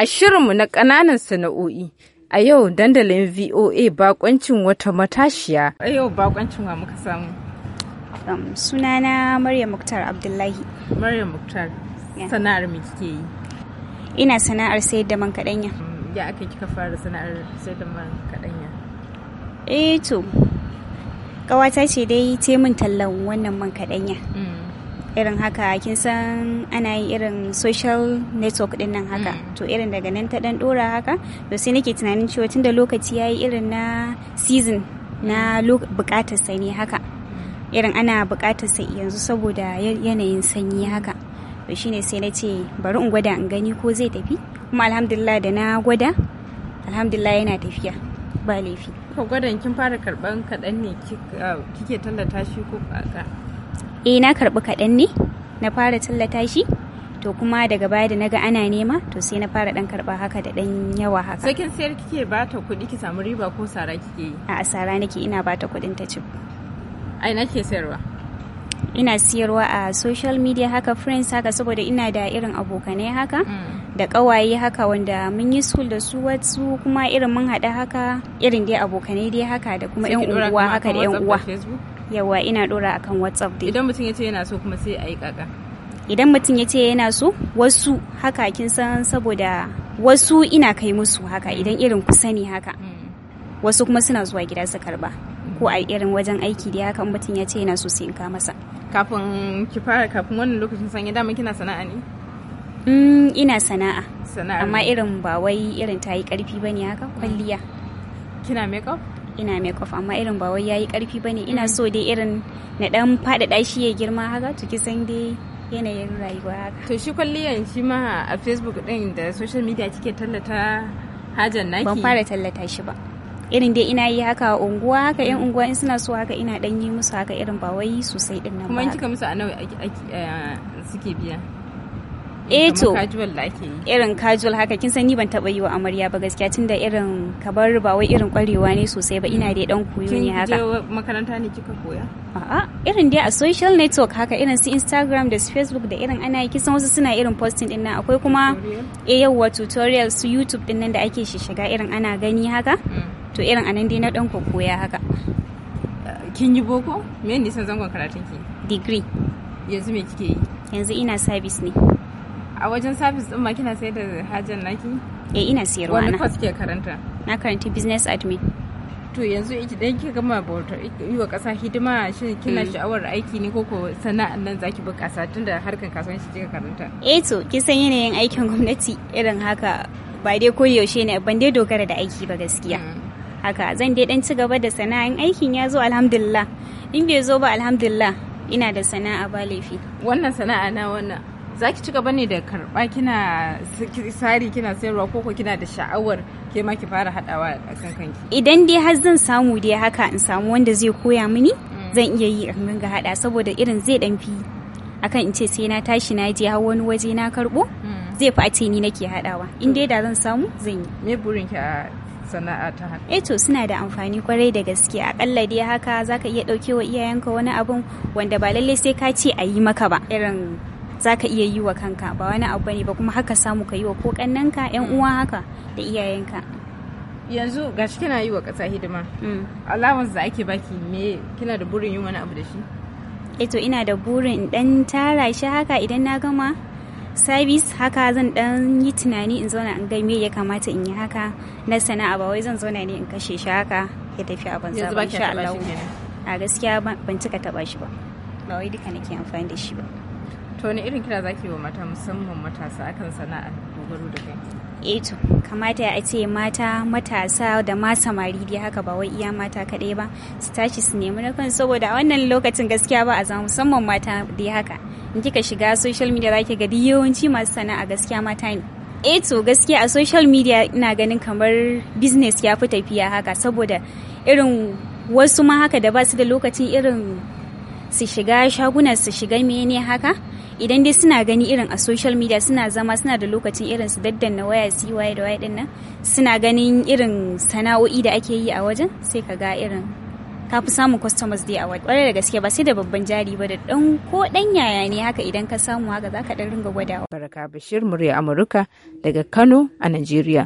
A shirinmu na ƙananan sana'o'i a yau dandalin VOA bakoncin wata matashiya. A yau bakoncin wa muka samu. Um, sunana Maryam Muktar Abdullahi. Maryam Muktar, yeah. sana'ar me kike yi? Ina sana'ar sayar da man kaɗanya. Mm, ya aka kika fara sana'ar sayar da man kaɗanya? Eh to, ƙawata ce dai taimun min tallan wannan man kaɗanya. Mm. irin haka kin san ana yi irin social network din nan haka mm. to irin daga nan ta dan dora haka to sai nake tunanin cewa tun da lokaci yayi irin na season na mm. bukatar sa haka irin ana bukatar sa yanzu saboda yanayin sanyi haka to shine sai na ce bari in gwada in gani ko zai tafi kuma alhamdulillah da na gwada alhamdulillah yana tafiya ba laifi ko gwada kin fara karban kadan ne kike tallata shi ko ka eh na karɓi kaɗan ne na fara tallata shi to kuma daga baya da naga ana nema to sai na fara dan karba haka da dan yawa haka sakin sayar kike bata kuɗi ki samu riba ko sara kike yi a sara nake ina bata kuɗin ta ci ai nake sayarwa ina siyarwa a social media haka friends haka saboda ina da irin abokanai haka mm. da kawaye haka wanda mun yi school da su wasu kuma irin mun haɗa haka irin dai abokanai dai haka da kuma yan uwa haka da yan uwa yawa ina dora akan whatsapp dai idan mutum ya ce yana so kuma sai a yi kaka idan mutum ya ce yana so wasu haka kin san saboda wasu ina kai musu haka idan irin kusa ne haka hmm. wasu kuma suna zuwa gida su karba ko a irin wajen aiki da haka mutum ya ce yana so sai in ka masa kafin ki fara kafin wannan lokacin sanya dama kina sana'a ne Mm, ina sana'a. Sana'a. Amma irin ba wai irin ta yi ƙarfi ba ne haka kwalliya. Kina makeup ina mai makeup amma irin ba wai yayi karfi bane ina so dai irin na dan faɗaɗa shi ya girma haka to kisan dai yanayin rayuwa haka to shi kwalliyan shi ma a facebook din da social media kike tallata hajar naki ban fara tallata shi ba irin dai ina yi haka unguwa haka yan unguwa in suna so haka ina dan yi musu haka irin ba wai sosai din nan ba kuma kika musu a nawa eh, suke biya eh to irin casual haka kin san ni ban taba yi wa amarya ba gaskiya tunda irin kabar ba wai irin kwarewa ne sosai ba ina dai dan koyo ne haka kin makaranta ne kika koya a'a irin dai a social network haka irin su Instagram da su Facebook da irin ana yi kisan wasu suna irin posting din nan akwai kuma eh yawa tutorial su YouTube din nan da ake shi shiga irin ana gani haka mm. to irin anan dai na dan koya haka eh, kin yi boko me ne san zangon karatun ki degree yanzu me kike yi yanzu ina service ne a wajen sabis din ma kina sayar da hajjan naki eh ina siyarwa wani ke karanta na karanta business admin to yanzu idan kika gama bauta yi wa kasa hidima shi kina mm. sha'awar aiki ne ko sana'an nan zaki bukasa tunda harkan harkar kasuwanci kika karanta eh to ki san yanayin aikin gwamnati irin haka ba dai ko yaushe ne ban dai dogara da aiki ba gaskiya mm. haka zan dai dan ci gaba da sana'an aikin ya zo alhamdulillah in bai zo ba alhamdulillah ina da sana'a ba laifi wannan sana'a na wannan za ki ci gaba ne da karba kina sari kina sayarwa ko kina da sha'awar ke ma ki fara haɗawa a kan kanki idan dai har zan samu dai haka in samu wanda zai koya mini mm. zan iya yi in ga haɗa saboda irin zai ɗan fi akan in ce sai na tashi na je har wani waje na karɓo mm. zai fi a ce ni nake haɗawa in dai da zan samu zan yi me burin ki a sana'a ta hannu. Eh to suna da amfani kwarai da gaske akalla dai haka zaka iya ɗauke wa iyayenka wani abun wanda ba lallai sai ka ce a yi maka ba irin za ka iya yi wa kanka ba wani abu ne ba kuma haka samu ka yi wa ko kannanka yan mm. uwa haka da iyayenka yanzu gashi kina yi wa ƙasa hidima mm. allowance da ake baki me kina da burin yin wani abu da shi eto eh ina da burin dan tara shi haka idan na gama service haka zan dan yi tunani in zauna in ga me ya kamata in yi haka na sana'a ba wai zan zauna ne in kashe shi haka ya tafi a banza ba insha Allah a gaskiya ban cika taba shi ba ba wai duka nake amfani da shi ba to wani irin kira zaki wa mata musamman matasa akan sana'ar dogaro da kai e to kamata a ce mata matasa da ma samari dai haka ba wai iya mata kadai ba su tashi su nemi na kan saboda a wannan lokacin gaskiya ba a zama musamman mata dai haka in kika shiga social media zaki ga duk yawanci masu sana'a gaskiya mata ne e to gaskiya a social media ina ganin kamar business ya fi tafiya haka saboda irin wasu ma haka da ba su da lokacin irin su shiga shaguna su shiga mene haka idan dai suna gani irin a social media suna zama suna da lokacin irin su daddana waya su yi waye da waye dinnan suna ganin irin sana'o'i da ake yi a wajen sai ka ga irin ka fi samun customers dai a wajen ƙwarai da gaske ba sai da babban jari ba da ɗan ko ɗan yaya ne haka idan ka samu haka za ka ɗan ringa gwadawa. Baraka Bashir murya Amurka daga Kano a Najeriya.